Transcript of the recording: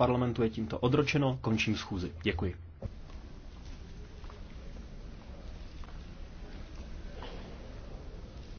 parlamentu je tímto odročeno, končím schůzi. Děkuji.